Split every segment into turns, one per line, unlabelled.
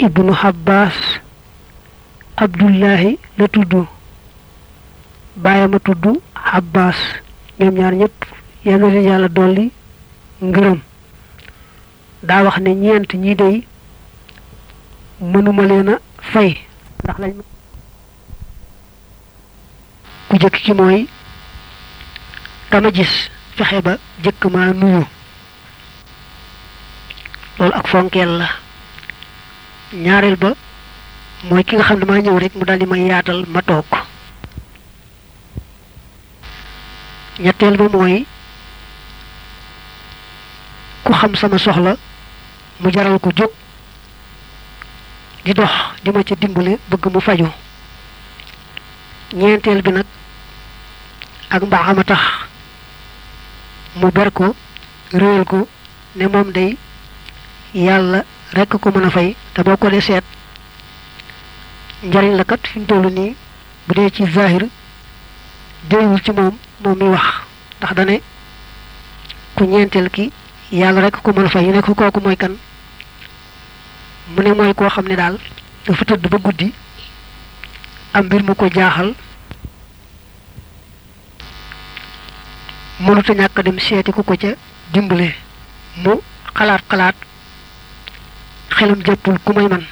ibnu Abbas Abdullahi la tudd baayam a tudd Abbas ñoom ñaar ñëpp yal na dolli ngërëm daa wax ne ñeent ñi dey mënuma leen a fay ndax lañ ku jëkk ki mooy gis fexe ba jëkk maa nuyu loolu ak fonkeel la ñaareel ba mooy ki nga xam ne maa ñëw rek mu daal di may yaatal ma toog ñetteel ba mooy ku xam sama soxla mu jaral ko jóg di dox di ma ca dimbale bëgg mu faju ñeenteel bi nag ak mbaaxam a tax mu ber ko réel ko ne moom day yàlla rekk ko mën a fay te boo ko dee seet njariñ la kat fi mu toll nii bu dee ci zahir déewul ci moom moom mi wax ndax dane ku ñeenteel ki yàlla rekk ko mën a fay ñu ne ko kooku mooy kan mu ne mooy koo xam ne daal dafa tëdd ba guddi am mbir mu ko jaaxal mënuta ñàkk dem seeti ku ko ca dimbale mu xalaat-xalaat xelum jàppul ku may man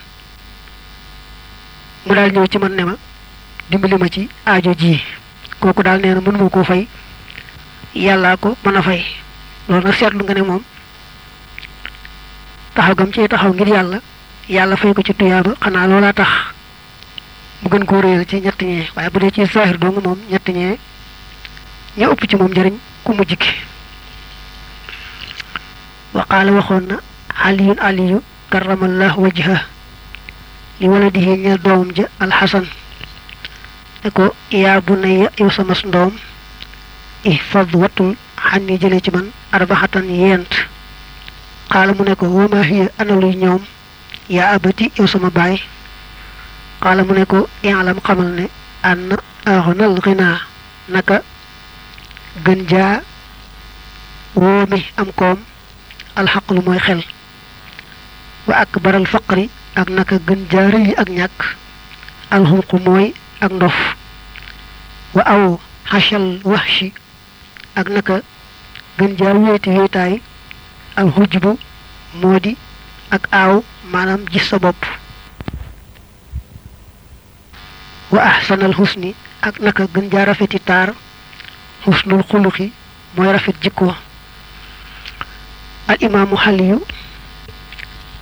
mu daal ñëw ci man ne ma dimbali ma ci aajo ji kooku daal nee na mënuma koo fay yàllaa ko mën a fay loolu nag seetlu nga ne moom taxaw gam ci taxaw ngir yàlla yàlla fay ko ci tuyaaba xanaa loolaa tax mu gën koo réyal ci ñett ñee waaye bu dee ci saaxir dong moom ñett ñee ña ëpp ci moom njariñ ku mujj ki waqaala waxoon na aliyun aliyu karamallahu wajha li waladihi ñeel doom ja alxasan ne ko yaa bu nay yow sama ndoom ihfad wattul xan yi jële ci man arbaxatan yent xaala mu ne ko wama hiya analuy baay xaala mu ne ko i'lam xamal ne an aghnal ghina naka gën jaa wóomi am koom alxaqlu mooy xel wa ak baral faqri ak naka gën jaare yi ak ñàkk alxunqu mooy ak ndox wa aw xachal waxshi ak naka gën jaar wéeti wéetaay alxujbu moo di ak aaw maanaam ji sa bopp wa ahsanal xusni ak naka gën jaar rafeti taar xusnul xuluxi mooy rafet jikko al imaamu xaliyu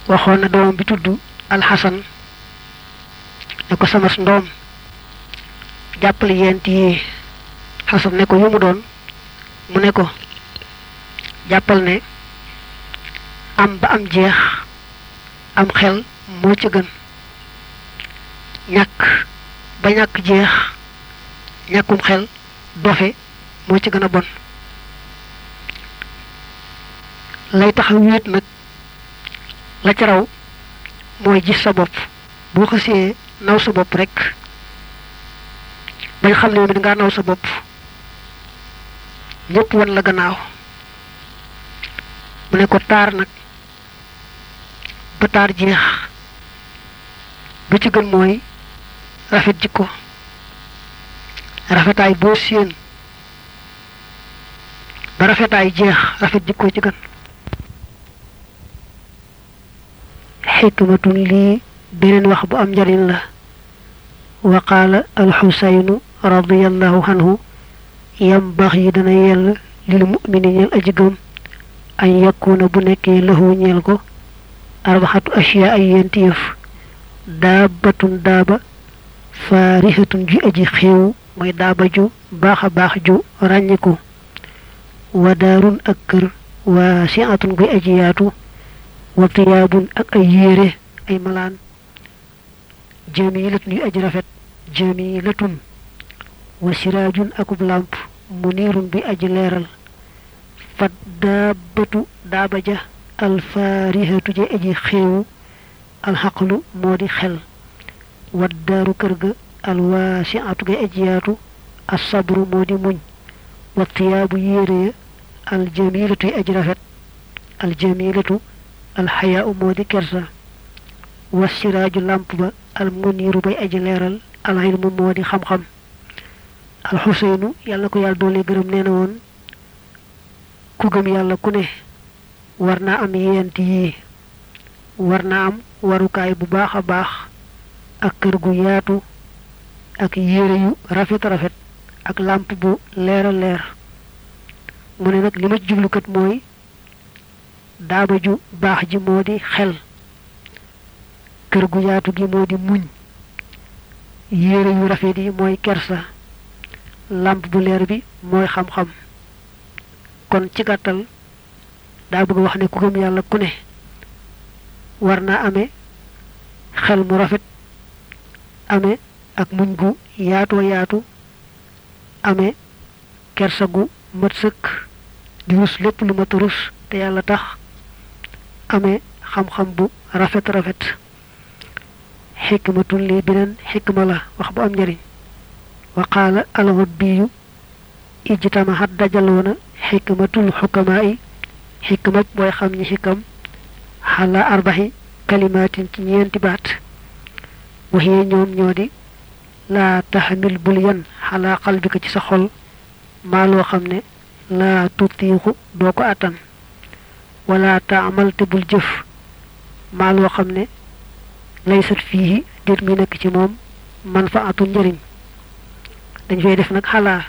waxoon na doom bi tudd alxasan ne ko samas ndoom jàppal yent yi xasan ne ko yu mu doon mu ne ko jàppal ne am ba am jeex am xel moo ci gën ñàkk ba ñàkk jeex ñàkkum xel dofe moo ci gën a bon lay tax wéet nag la ca raw mooy gis sa bopp boo xësee naw sa bopp rek bañ xam ne da ngaa naw sa bopp ñëpp wan la gannaaw mu ne ko taar nag ba taar jeex bu ci gën mooy rafet jikko rafetaay boo séen ba rafetaay jeex rafet jikko ci gën xikmatun lii beneen wax bu am njariñ la wa qaala alxusaynu radiallahu anhu yambaxi dana yell lil mumini ñeel aji an yakuna bu nekkee lahu ñeel ko arbaxatu ashiya ay yenti yëf daabatun daaba faarihatun ji aji xiiw mooy daaba ju baax a baax ju ràññiku wa daarun ak kër waasiatun guy aji wa tiyaabun ak ay yére ay malaan jamilatun yu aji rafet jamilatun wa siraajun akub làmp muniirun bi aji leeral fat daabatu daaba ja alfaarihatu ja aji xéewu alxaqlu moo di xel waddaaru kër ga alwaasiatu ga aji yaatu asabru moo di muñ wa tiyaabu yére ya aljamilatu yi aji rafet aljamilatu alxayaa u di kersa wa làmp ba almuniiru bay aji leeral alilmu moo di xam-xam alxuseynu yàlla ko yàlla doole gërëm nee na woon ku gëm yàlla ku ne war naa am yeent yii war naa am warukaay bu baax a baax ak kër gu yaatu ak yére yu rafet rafet ak làmp bu leer leer mu ne nag li ma jublukat mooy daaba ju baax ji moo di xel kër gu yaatu gi moo di muñ yére yu rafet yi mooy kersa làmp bu leer bi mooy xam-xam kon ci gàttal daa bëgg wax ne ku gëm yàlla ku ne war naa ame xel mu rafet amee ak muñ gu yaatoo yaatu ame kersa gu mat sëkk di rus lépp lu mat rus te yàlla tax amee xam-xam bu rafet rafet xikmatun lii beneen xikma la wax bu am njariñ wa qaala alxubbiyu ijtamahat dajaloona xikmatul xukamaa xikmaj booy xam ñi xikam xala arbaxi kalimaatin ci ñeenti baat waxee ñoom ñoo di laa taxamil bul yan xalaa xalbika ci sa xol maa loo xam ne laa tutiixu doo ko attan wala taamal te bul jëf maa loo xam ne laysat fii déet muy nekk ci moom man fa atul njëriñ dañ fay def nag xalaa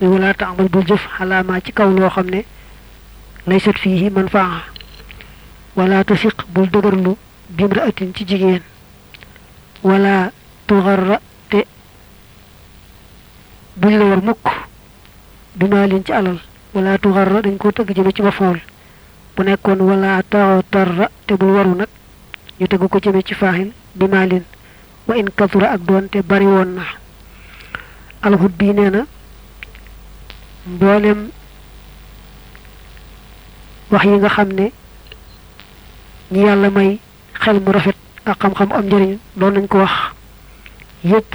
muy wala taamal bul jëf xalaa maa ci kaw loo xam ne laysat fii man faa wala tasiq bul dëgërlu bimra atin ci jigéen wala tuxarra te buñ la war mukk bi maa leen ci alal wala tuxarra dañ koo tëgg jëme ci ba fool bu nekkoon wala tao torra te bul waru nag ñu tegu ko jëme ci faaxil bi maalin wa in kasura ak doonte bari woon na alxut bi nee na mboolem wax yi nga xam ne ñi yàlla may xel mu rafet ak xam-xam am njariñ doon nañ ko wax yépp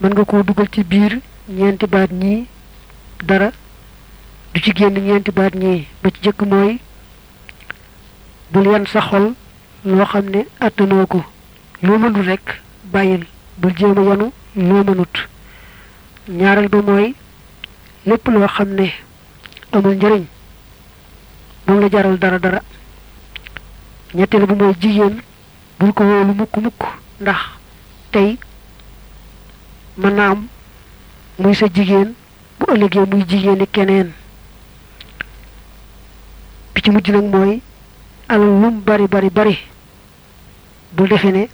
mën nga koo dugal ci biir ñeenti baat ñii dara du ci génn ñeenti baat ñii ba ci jëkk mooy bul yan sa xol loo xam ne àttanoo ko loo mënut rek bàyyil bul jéem a yanu loo mënut ñaareel ba mooy lépp loo xam ne amul njëriñ moom la jaral dara dara ñetteel bu mooy jigéen bul ko wóolu mukk mukk ndax tey mën naa am muy sa jigéen bu ëllëgee muy jigéeni keneen ci mujj nag mooy alal bari bari bu defe ne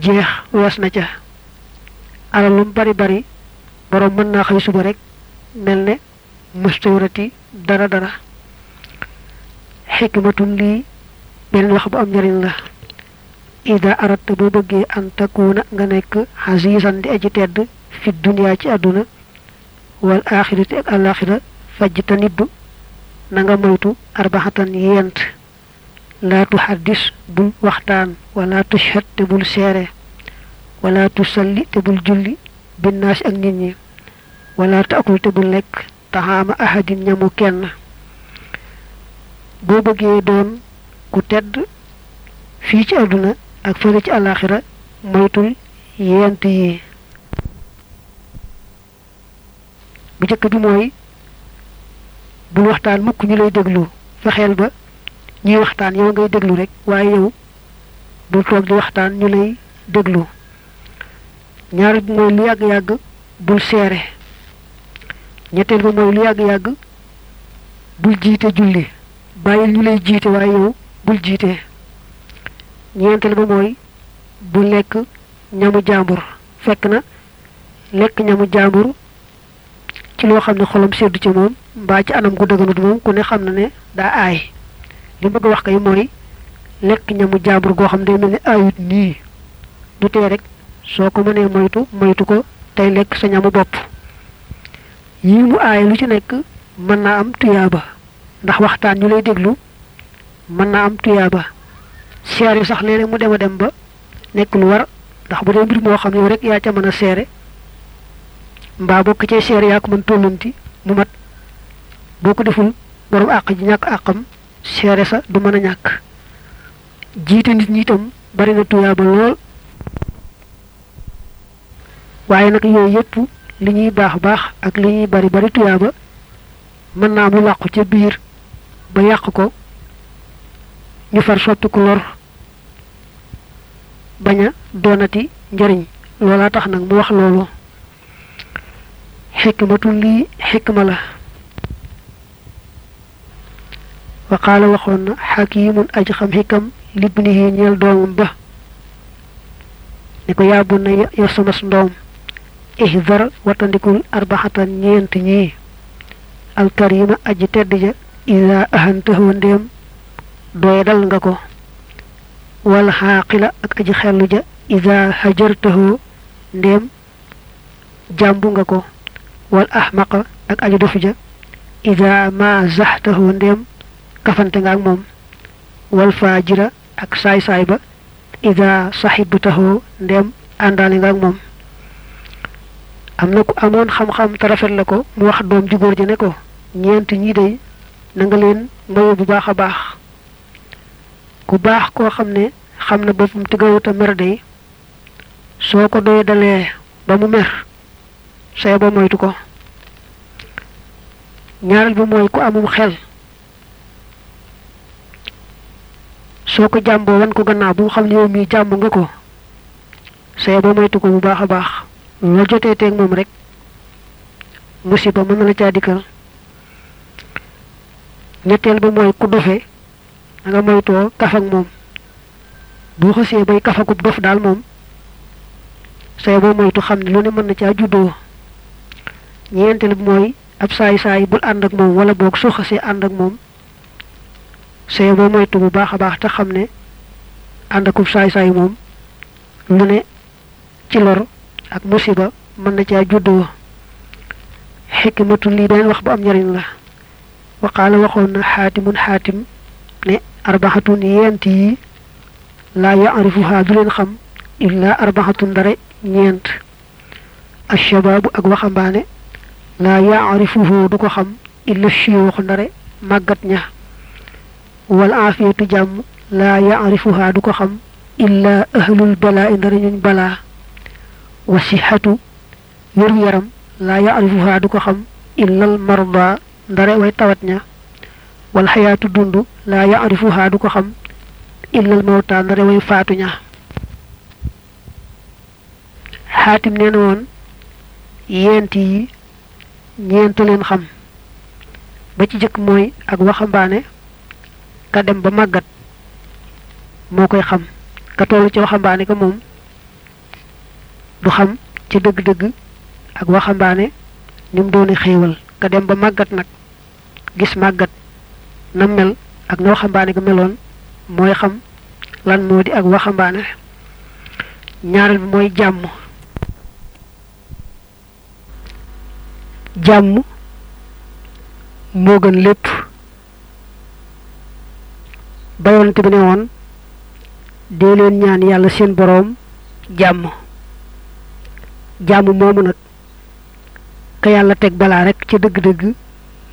jeex wees na ca alal lum bari bari borom mën naa xëy suba rek mel ne mustawrati dara dara xikmatun lii beneen wax bu am njariñ la ida aratta boo bëggee an takuuna nga nekk xasiisan di aji tedd fi duniyaa ci àdduna wal axirati ak àlaxira fajj tanib na nga moytu arbaxatan yent laa tuxaddis bul waxtaan wala tushhad te bul seere wala tusalli te bul julli binnaas ak nit ñi wala taakul te bul lekk taxaama ahadin ñamu kenn boo bëggee doon ku tedd fii ci àdduna ak fële ci àllaaxira moytul yent yi bu jëkk bi bul waxtaan mukk ñu lay déglu fexeel ba ñuy waxtaan yow ngay déglu rek waaye yow bul toog di waxtaan ñu lay déglu ñaareel bi mooy lu yàgg-yàgg bul seere ñetteel ba mooy lu yàgg-yàgg bul jiite julli bàyyil ñu lay jiite waaye yow bul jiite ñeenteel ba mooy bu lekk ñamu jaambur fekk na lekk ñamu jaambur ci loo xam ne xolam seddu ci moom mbaa ci anam gu dëgganut moom ku ne xam na ne daa aay li bëgg wax kay mooy lekk ñamu jaambur goo xam day mel ne aayut nii du tee rek soo ko mënee moytu moytu ko tey lekk sa ñamu bopp yii mu aaye lu ci nekk mën naa am tuyaaba ndax waxtaan ñu lay déglu mën naa am tuyaaba seer yi sax léeg mu dem a dem ba nekk lu war ndax bu dee mbir moo xam ne rek yaa ca mën a seere mbaa bokk ci seer yaa ko mën tollanti mu mat boo ko deful borom àq ji ñàkk àqam seere sa du mën ñàkk jiite nit ñi itam bari na tuyaaba lool waaye nag yooyu yëpp li ñuy baax baax ak li ñuy bari bari tuyaaba mën naa mu làqu ca biir ba yàq ko ñu far sotti ku lor bañ a doonati njariñ loolaa tax nag mu wax loolu xikmatul lii xikma la wa qaala waxoon na xakimun aji xam xikam libnihi ñeel doomam ba ni ko yàbbu na yow sama ndoom ihdar watandikul arbaxatan ñeent ñii alkarima aji tedd ja ida ahantahu ndéem doyadal nga ko wala xaaqila ak aji xellu ja ida hajartahu ndéem jàmbu nga ko wal ahmaqa ak ajo dofu ja ida ma zaxtahu ndéem kafante nga ak moom wal jira ak saay-saay ba ida saxibtahu ndéem àndaale nga ak moom am na ku amoon xam-xam te rafet la ko mu wax doom ju góor ji ne ko ñeent ñii day na leen mayu bu baax a baax ku baax koo xam ne xam na boppam te gawut a mer day soo ko doy dalee ba mu mer sooy boo moytu ko ñaareel bi mooy ku amum xel soo ko jàmboo wan ko gannaaw bu mu xam ne yow mii jàmb nga ko sooy boo moytu ko bu baax a baax loo jotee teeg moom rek musiba mën na la caa dikkal ñetteel bi mooy ku dofe da nga moytoo kaf moom bu xësee bay kafakub dof daal moom sooy boo moytu xam ne lu ne mën na caa juddoo ñeenteel bi mooy ab saay saay bul ànd ak moom wala boog soo see ànd ak moom saye boo moytu bu baax a baax te xam ne ànd akub saay saay moom lu ne ci lor ak musiba mën na caa juddoo xikmatu lii beneen wax bu am njariñ la waqaala waxoon na xaatimun xaatim ne arbaxatun yeent yi laa yaarifuhaa du leen xam illaa arbaxatun dara ñeent ashabaabu ak waxambaane laa yaarifuhu du ko xam illa shuyuux ndare màggat ña wal aafiyatu jàmm laa yaarifuha du ko xam illa ahlul balaa i ndare ñuñ balaa wa sixatu wér yaram laa yaarifuha du ko xam illal marda ndare way tawat ña wal xayaatu dund laa yaarifuha du ko xam illal mawta ndare way faatu ña xaatim nee woon yent yi ñeent leen xam ba ci jëkk mooy ak waxambaane ka dem ba màggat moo koy xam ka tollu ci waxambaane ko moom du xam ca dëgg-dëgg ak waxambaane ni mu doone xéewal ka dem ba màggat nag gis màggat na mel ak na waxambaane ka meloon mooy xam lan moo di ak waxambaane ñaareel bi mooy jàmm jàmm moo gën lépp ba yonent bi ne woon dee leen ñaan yàlla seen boroom jàmm jàmm moomu nag ka yàlla teg balaa rekk ci dëgg-dëgg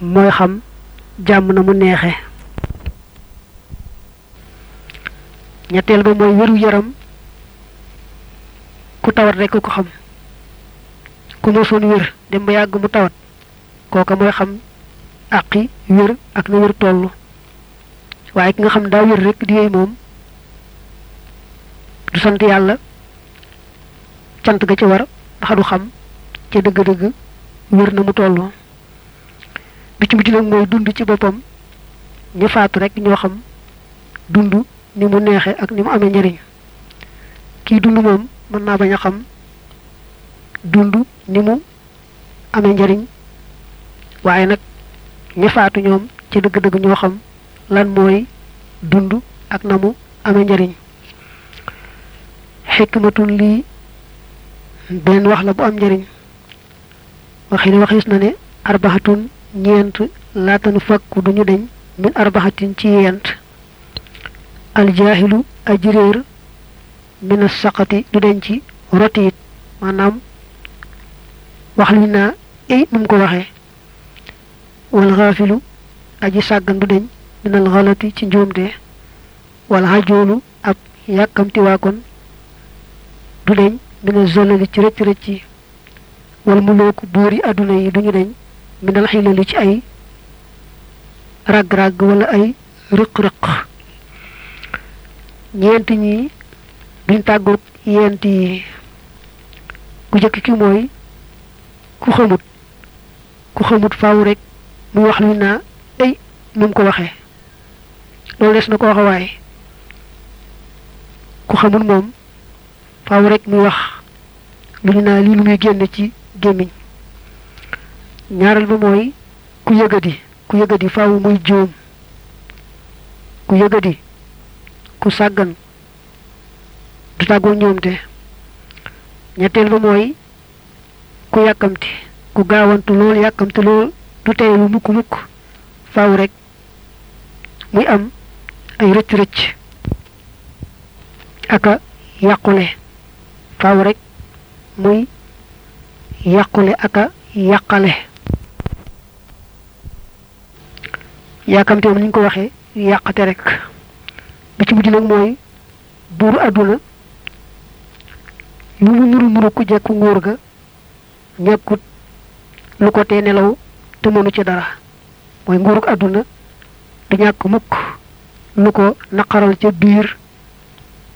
mooy xam jàmm na mu neexe ñetteel ba mooy wéru yaram ku tawat rekk ko xam ku mosoon wér dem ba yàgg mu tawat kooka mooy xam àqi wér ak na wér toll waaye ki nga xam daa wér rek di yooyu moom du sant yàlla cant ga ci war ndax du xam ca dëgg-dëgg wér na mu toll bi ci nag mooy dund ci boppam ñu faatu rek ñoo xam dund ni mu neexe ak ni mu amee njariñ kii dund moom mën naa bañ a xam dund ni mu amee njariñ waaye nag ñi ñoom ci dëgg-dëgg ñoo xam lan mooy dund ak na mu amee njariñ xikmatun lii benn wax la bu am njariñ waxi ni waxis na ne arbaxatun ñeent laatanu fakku duñu deñ min arbaxatin ci yent aljaahilu ajiréer mina saqati du deñ ci rotiit maanaam wax li naa i nu mu ko waxee wal xaafilu aji sàggan du deñ minal xalati ci njuumte wala xajoolu ab yàkkamti waakon du deñ minal zolali ci rëcc rëcci wal mulooku buur yi àdduna yi duñu deñ minal xilali ci ay ràgg-ràgg wala ay rëq-rëq ñeent ñi duñ tàggoog yent yi jëkk ki mooy ku xamut ku xamut faw rek muy wax lu naa ay nu ko waxee loolu des na ko waxa waaye ku xamul moom faaw rek muy wax lu ñu naa lii lu muy génn ci gémmiñ ñaareel ba mooy ku yëgadi ku yëgadi faw muy jóom ku yëgadi ku sàggan du tàggoo ñoom te ñetteel ba mooy ku yàkkamti ku gaawantu lool yàkkamte loo du teelu mukk mukk faaw rek muy am ay rëcc rëcc aka yàqule faaw rekk muy yàqule aka yàqale yàkkamti liñ ko waxee yàqate rek bi ci mujj nag mooy buuru àdduna lu mu nuru nuru ku jekku nguur ga nekkut lu ko tee nelaw te mënu ci dara mooy nguuruk àdduna du ñàkk mukk lu ko naqaral ca biir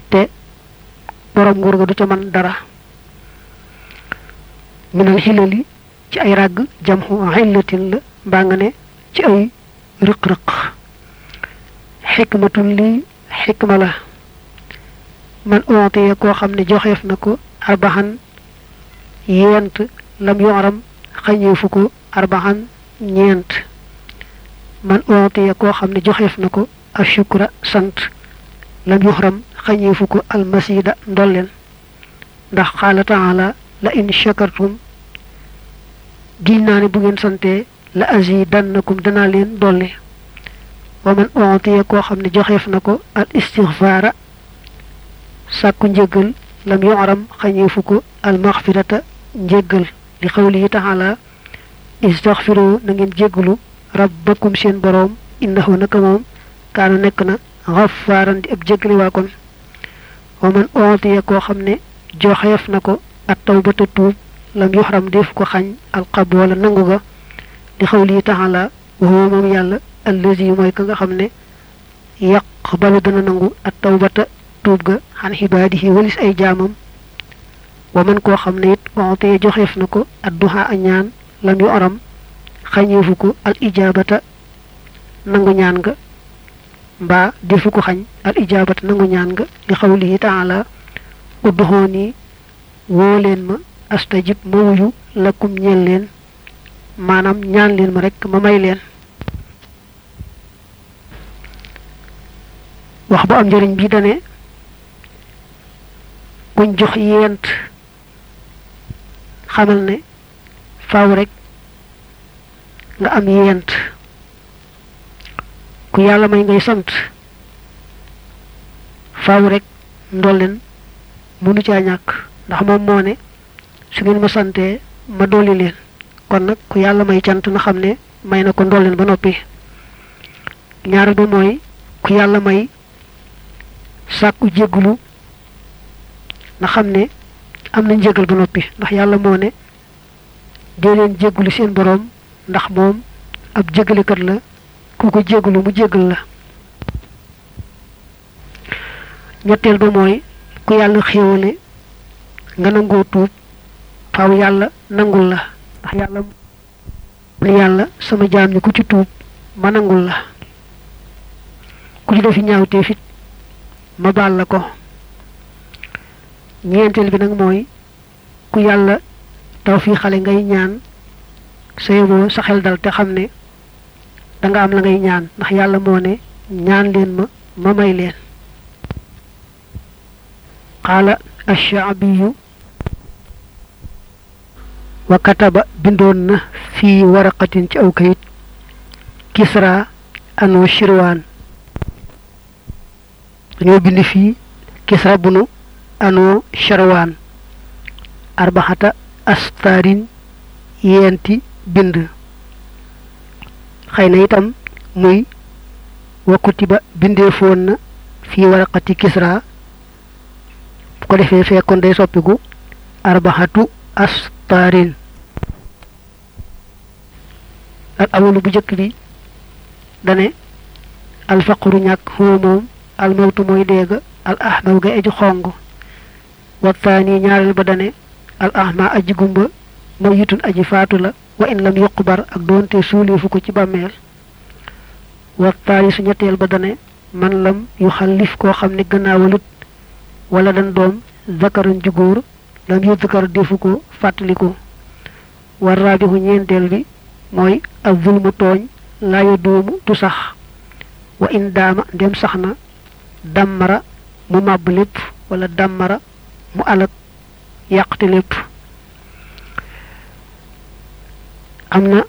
te borom nguur ga du ca mën dara minal xilali ci ay ràgg jamxu xillatin la mbaa nga ne ci ay rëq-rëq xikmatun lii xikma la man onte koo xam ne joxeef na ko arbaxan yent lam yoram xañee fu ko arbaxan ñeent man ootiya koo xam ne joxeef na ko ashukra sant lam yuxram xañee fu ko almasida ndolleen ndax xaala taala la in shakartum giñ naa ne bu ngeen santee la azidannakum danaa leen dolli wa man ootiya koo xam ne joxeef na ko al istixfaara sàkku njëggal lam yoram xañee fu ko almaxfirata njëggal li xawlihi taala istaxfiru nangeen ngeen rab rabbakum seen boroom innahu naka moom kaana nekk na xafaaran di ab jéggale waa kon wa man ontiye koo xam ne joxeef na ko at tawbata tuub lam yuxram def ko xañ alxab wala nangu ga li xawlihi taala wa huwa moom yàlla allazi mooy ka nga xam ne yaqbalu dana nangu at tawbata tuub ga xan xibaadihi walis ay jaamam wa man koo xam ne it waxotee joxeef na ko adduha a ñaan lam yu oram xañeefu ko al ijaabata nangu ñaan nga mbaa defu ko xañ al ijaabata nangu ñaan nga li xawlihi taala udduhooni woo leen ma astajib ma wuyu lakum ñeel leen maanaam ñaan leen ma rekk ma may leen wax bu am njëriñ bi dane kuñ jox yent xamal ne faaw rekk nga am yent ku yàlla may ngay sant faaw rekk ndolleen mënu caa ñàkk ndax moom moo ne su ngeen ma santee ma dolli leen kon nag ku yàlla may cant na xam ne may na ko ndolleen ba noppi ñaareel ba mooy ku yàlla may sàkku jéggulu na xam ne am nañ jégal ba noppi ndax yàlla moo ne dee leen jégguli seen boroom ndax moom ab jégalekat la ku ko jéggulu mu jéggal la ñetteel ba mooy ku yàlla xéewale nga nangoo tuub faaw yàlla nangul la ndax yàlla ne yàlla sama jaam ñi ku ci tuub ma nangul la ku ci defi ñaawteef it ma baal la ko ñeenteel bi nag mooy ku yàlla taw fii xale ngay ñaan sayoboo sa xel dal te xam ne danga am la ngay ñaan ndax yàlla moo ne ñaan leen ma ma may leen qaala ash-sha'biyu wa kataba bindoon na fii waraqatin ci aw kayit kisra ano shirwaan dañoo bind fii kisra bunu anoo sharwaan arbaxata astaarin yeenti bind xëy na itam muy wakkutiba bindeefoon na fii waraqati kisra bu ko defee fekkoon day soppiku arbaxatu astaarin al awolu bu njëkk bi dane alfaqru ñàkk huwa moom almawtu mooy deega al ahmaw ga eju xong wattaani ñaareel ba dane al ahma aji gumba mayitun aji faatu la wa in lam yuqbar ak doonte suuleefu ko ci bàmmeel wattaali su ñetteel ba dane man lam yu xallif koo xam ne gannaawalut wala dan doom zakaran ju góor lam yu zakar defu ko fàttaliku war raabixu ñeenteel bi mooy ab zulmu tooñ laayu doomu du sax wa in daama ndem sax na dàmmara mu màbb lépp walla dàmmara mu alag yàqte lépp am na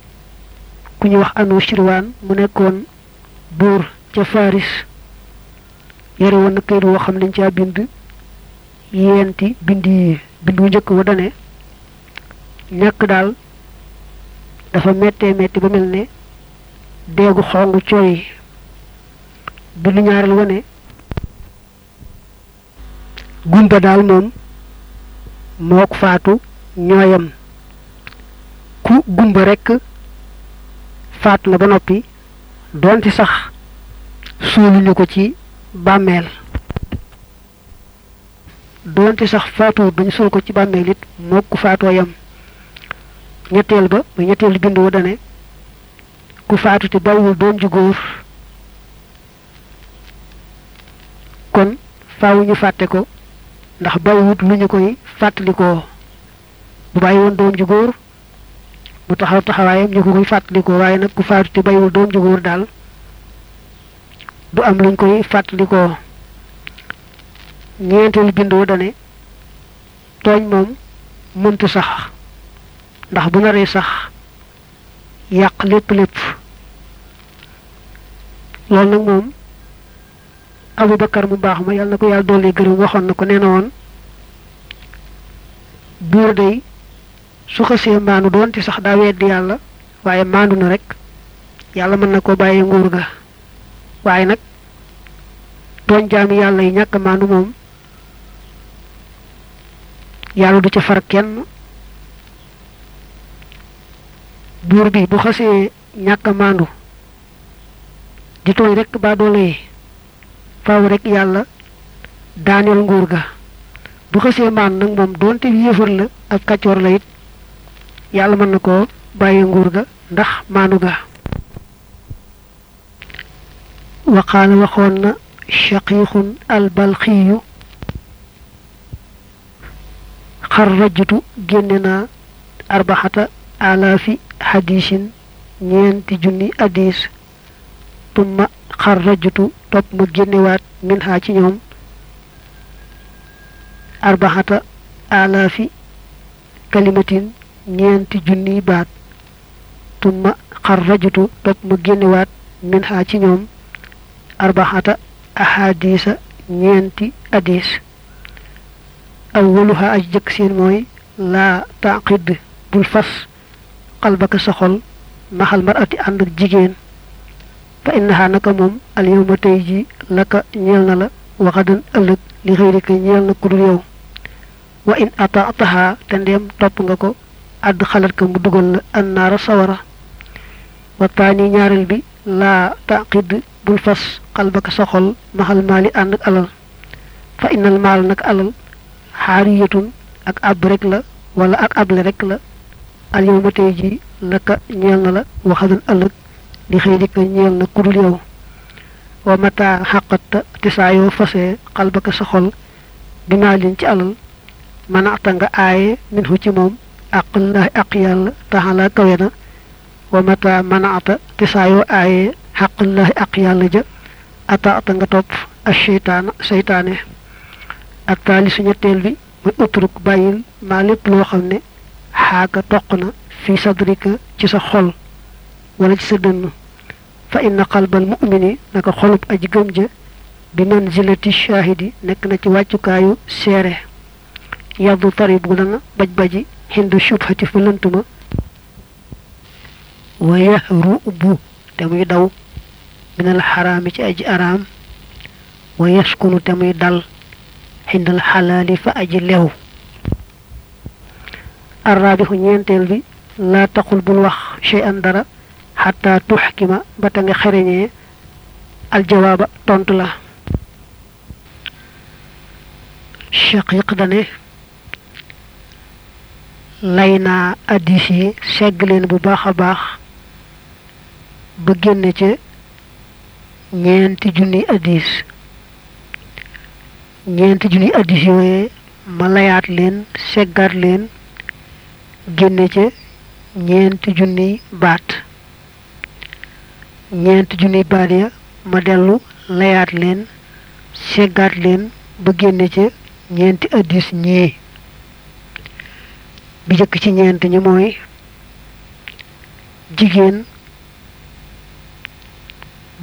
ku ñu wax anu shirwaan mu nekkoon buur ca faris yore woon na kayit woo xam nañ caa bind yéenti bind yi bind wu njëkk wa dane ñàkk daal dafa mettee metti ba mel ne deegu xong cooy bind ñaareel wane gumba daal moom mook faatu ñooyam ku gumba rekk faatu na ba noppi doonte sax suuluñu ko ci bàmmeel doonte sax faatu duñ suul ko ci bàmmeel it mook ku faatoo yam ñetteel ba ba ñetteelu bind wa dane ku faatu ci bawul doom ju góor kon faaw ñu fàtte ko ndax bàyyiwut lu ñu koy fàttalikoo bu bàyyi woon doom ju góor mu taxaw taxawaayam ñu ko koy fàttalikoo waaye nag ku faatu te bàyyiwul doom ju góor daal du am luñ koy fàttalikoo ñeenteelu bindoo dane tooñ moom mëntu sax ndax bu naree sax yàq lépp lépp loolu nag moom abubakar mu baax ma yàlla na ko yàlla doon dolli gërëm waxoon na ko nee na woon buur day su xësee maanu doon ci sax daa weddi yàlla waaye maandu na rek yàlla mën na ko bàyyi nguur ga waaye nag tooñ jaami yàlla yi ñàkk maandu moom yàlla du ca far kenn buur bi bu xësee ñàkk maandu di tooñ rek baa doole yi faaw yàlla daaneel nguur ga bu xasee maan nag moom doonte yéefar la ak kàccoor la it yàlla mën na ko bàyyi nguur ga ndax maanu ga waqaala waxoon na shaqiixun albalxiyu xarrajtu génne naa arbaxata alaafi hadisin ñeenti junni hadiis tumma xarrajtu topp ma génnewaat min ci ñoom arbaxata alaafi kalimatin ñeenti junniy baat tumma xarrajtu topp ma génnewaat min ci ñoom arbaxata ahadisa ñeenti adis awwaluha aj jëkk seen mooy la taqid bul fas xalbaka sa xol maxal marati ànd ak jigéen fa innaha naka moom al yawma ji laka ñeel na la waxadan ëllëg li xëyrika ñeel na ku dul yow wa in ataataha te ndeem topp nga ko àdd xalaat ko mu dugal la annaara sawara wa taani ñaareel bi laa taqid bul fas xalbaka sa xol maxal maali ànd alal fa innal maal nag alal xaariyatun ak ab rek la wala ak able rek la al yawma tey ji laka ñeel na la waxadan ëllëg li xëy li ko ñeel na kudul yow wa mata xaqata te saa yoo fase xalbaka sa xol bi maa ci alal mën a ata nga aaye min hu ci moom àq la àq yàlla taxalaa kawe wa mata mën te saa aaye xaq la yàlla ja ata nga topp ak seytaana seytaane ak ñetteel bi muy utruk bàyyil maa loo xam ne xaaga toq na fii sadrika ci sa xol wala ci sa dënn fa inna xalbal mumini naka xolub aji gëm bi manzilati shahidi nekk na ci wàccukaayu seere yaddu taribu dana baj baji hindu shubhati fa lëntuma wa yahru bu te muy daw minal xaraami ci aji araam wa yaskunu te muy dal xindal xalaali fa aji lew arraabixu ñeenteel bi laa taqul bul wax chey an dara xataa tuxkima ba ta nga xereñee aljawaaba tontu la shaqiq dane lay naa addis yi segg leen bu baax baax ba génn ca ñeenti junni addis ñeenti junni ma layaat leen seggaat leen génne ci ñeenti junni baat ñeenti junni baat ya ma dellu layaat leen seggaat leen ba génne ca ñeenti addis ñii bi jëkk ci ñeent ñi mooy jigéen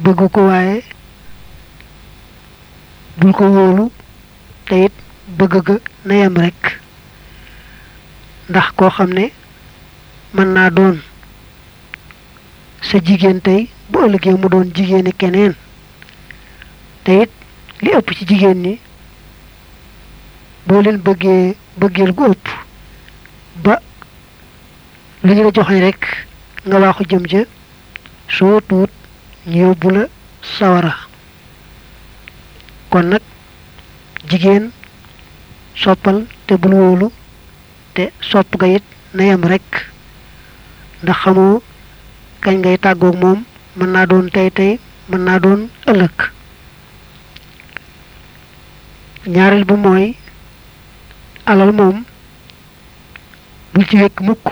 bëgg ko waaye bul ko wóolu te bëgg ga na rekk ndax koo xam ne mën naa doon sa jigéen tey bu ëllëgee mu doon jigéeni keneen te it li ëpp ci jigéen ñi boo leen bëggee bëggeel gu ëpp ba lu ñu la joxoñ nga waaxu jëm ca soo tuut ñu yóbbu la sawara kon nag jigéen soppal te bul wóolu te sopp nga it na yem rek ndax xamoo kañ ngay tàggook moom mën naa doon tey tey mën naa doon ëllëg ñaareel bu mooy alal moom bul ci wekk mukk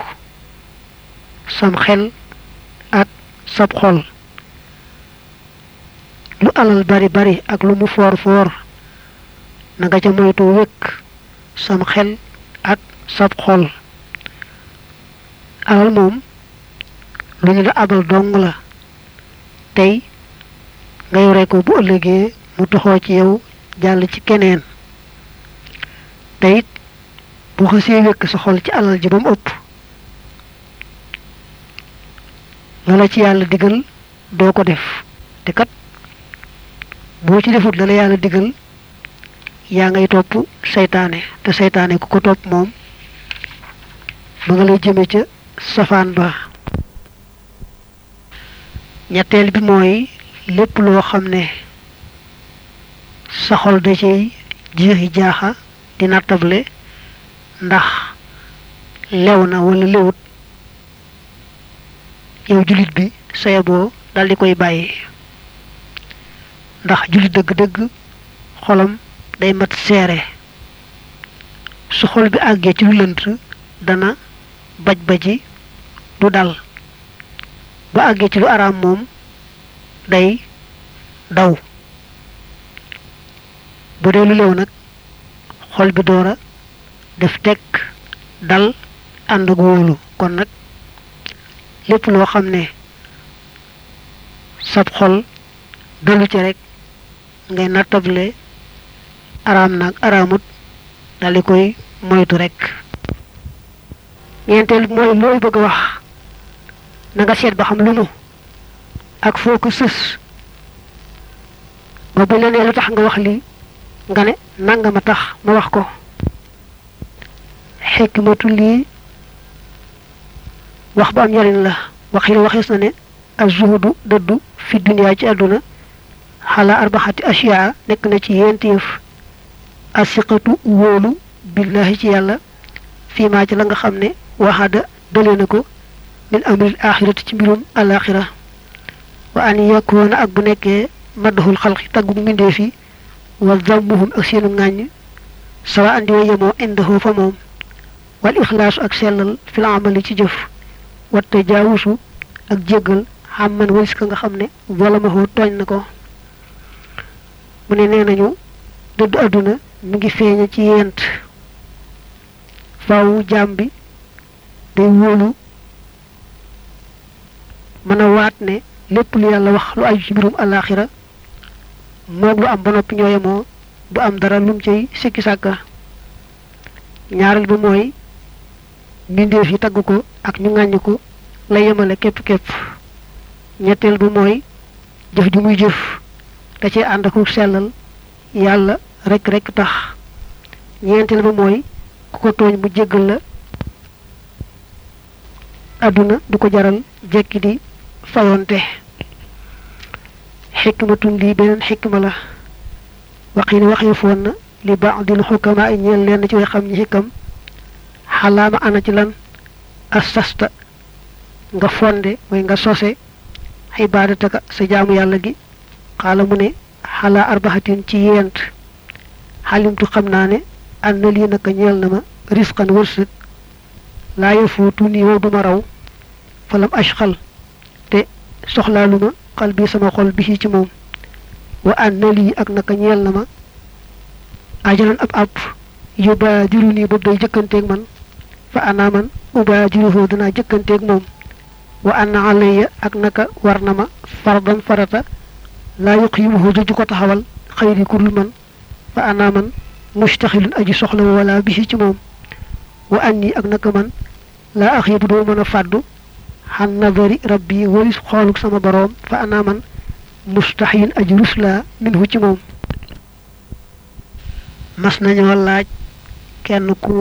sam xel ak sab xol lu alal bari bari ak lu mu foor foor na nga ca moytu wekk sam xel ak sab xol alal moom lu ñu la abal dong la tey ngay yore ko bu ëllëgee mu toxoo ci yow jàll ci keneen teyit bu xësee wekk sa xol ci alal ji ba mu ëpp lala ci yàlla digal doo ko def te kat boo ci defut lala yàlla digal yaa ngay topp seytaane te seytaane ku ko topp moom ba nga lay jëme ca safaan ba ñetteel bi mooy lépp loo xam ne saxol da ciy jeexi jaaxa di nattable ndax lew na wala lewut yow jullit bi sayaboo dal di koy bàyyi ndax jullit dëgg-dëgg xolam day mat seere su xol bi àggee ci lu lënt dana baj baji du dal ba àggee ci lu araam moom day daw bu lu lew nag xol bi doora def tekk dal ànd ak wóolu kon nag lépp loo xam ne sab xol dalu ci rekk ngay nattable araam naag araamut dali koy moytu rek ñeenteel mooy bëgg a wax na nga seet ba xam lu mu ak foo ko sës ba buñ la lu tax nga wax li nga ne nanga ma tax ma wax ko xikmatu lii wax ba am njariñ la waxil waxis na ne azuhudu dëddu fi duniyaa ci àdduna xalaa arbaxati asiyaa nekk na ci yent yëf asiqatu wóolu billaahi ci yàlla fii maa ci la nga xam ne waxaada dale na ko min amril axirati ci mbirum alaxira wa an yakuuna ak bu nekkee madduxul xalqi taggu mbindeef yi wa dammuhum ak seenu ŋàññ sawa andi wa yemoo indahu fa moom wal ixlaasu ak sellal fil ci jëf wa tajaawusu ak jéggal xàmman walis nga xam ne volamaxoo tooñ na ko mu ne nee nañu dëdd àdduna mu ngi feeña ci yent faaw jaam bi day wóolu mën a waat ne lépp lu yàlla wax lu aju ci mbirum alaxira moog lu am ba noppi ñoo yemoo du am dara lum cay sikki sàkka ñaareel ba mooy mbindeef yi tagg ko ak ñu ŋàññ ko la yemale képp képp ñetteel ba mooy jëf ji muy jëf da cee ànd ak sellal yàlla rekk rek tax ñeenteel ba mooy ku ko tooñ mu jéggal la àdduna du ko jaral jekki di fayonte xikmatun lii beneen xikma la waxiin waxeef woon na li baadil xukamaa yi ñeel leen ci way xam ñi xikam xalaama ana ci lan asasta nga fonde mooy nga sose ibaadataka sa jaamu yàlla gi xaala mu ne xalaa arbaxatin ci yent xalimtu xam naa ne an na lii naka ñeel na ma risqan wërsëg laa yefuutu nii wow raw falam ashxal soxlaalu ma xal bi sama xol bi ci moom wa an na lii ak naka ñeel na ma ajaran ab ab yubaadiru nii boobu day jëkkanteeg man fa ana man ubaadiruhu danaa jëkkanteeg moom wa anna alayya ak naka war na ma fardan farata laa yuqimuhu du ko taxawal xayri kurlu man fa ana man mustaxilun aji soxla wala bisi ci moom wa anni ak naka man laa axiibu doo mën a fàddu xan nadari rabbi walis xooluk sama boroom fa ana man mustaxyin aj rusla minhu ci moom mas nañoo laaj kenn ku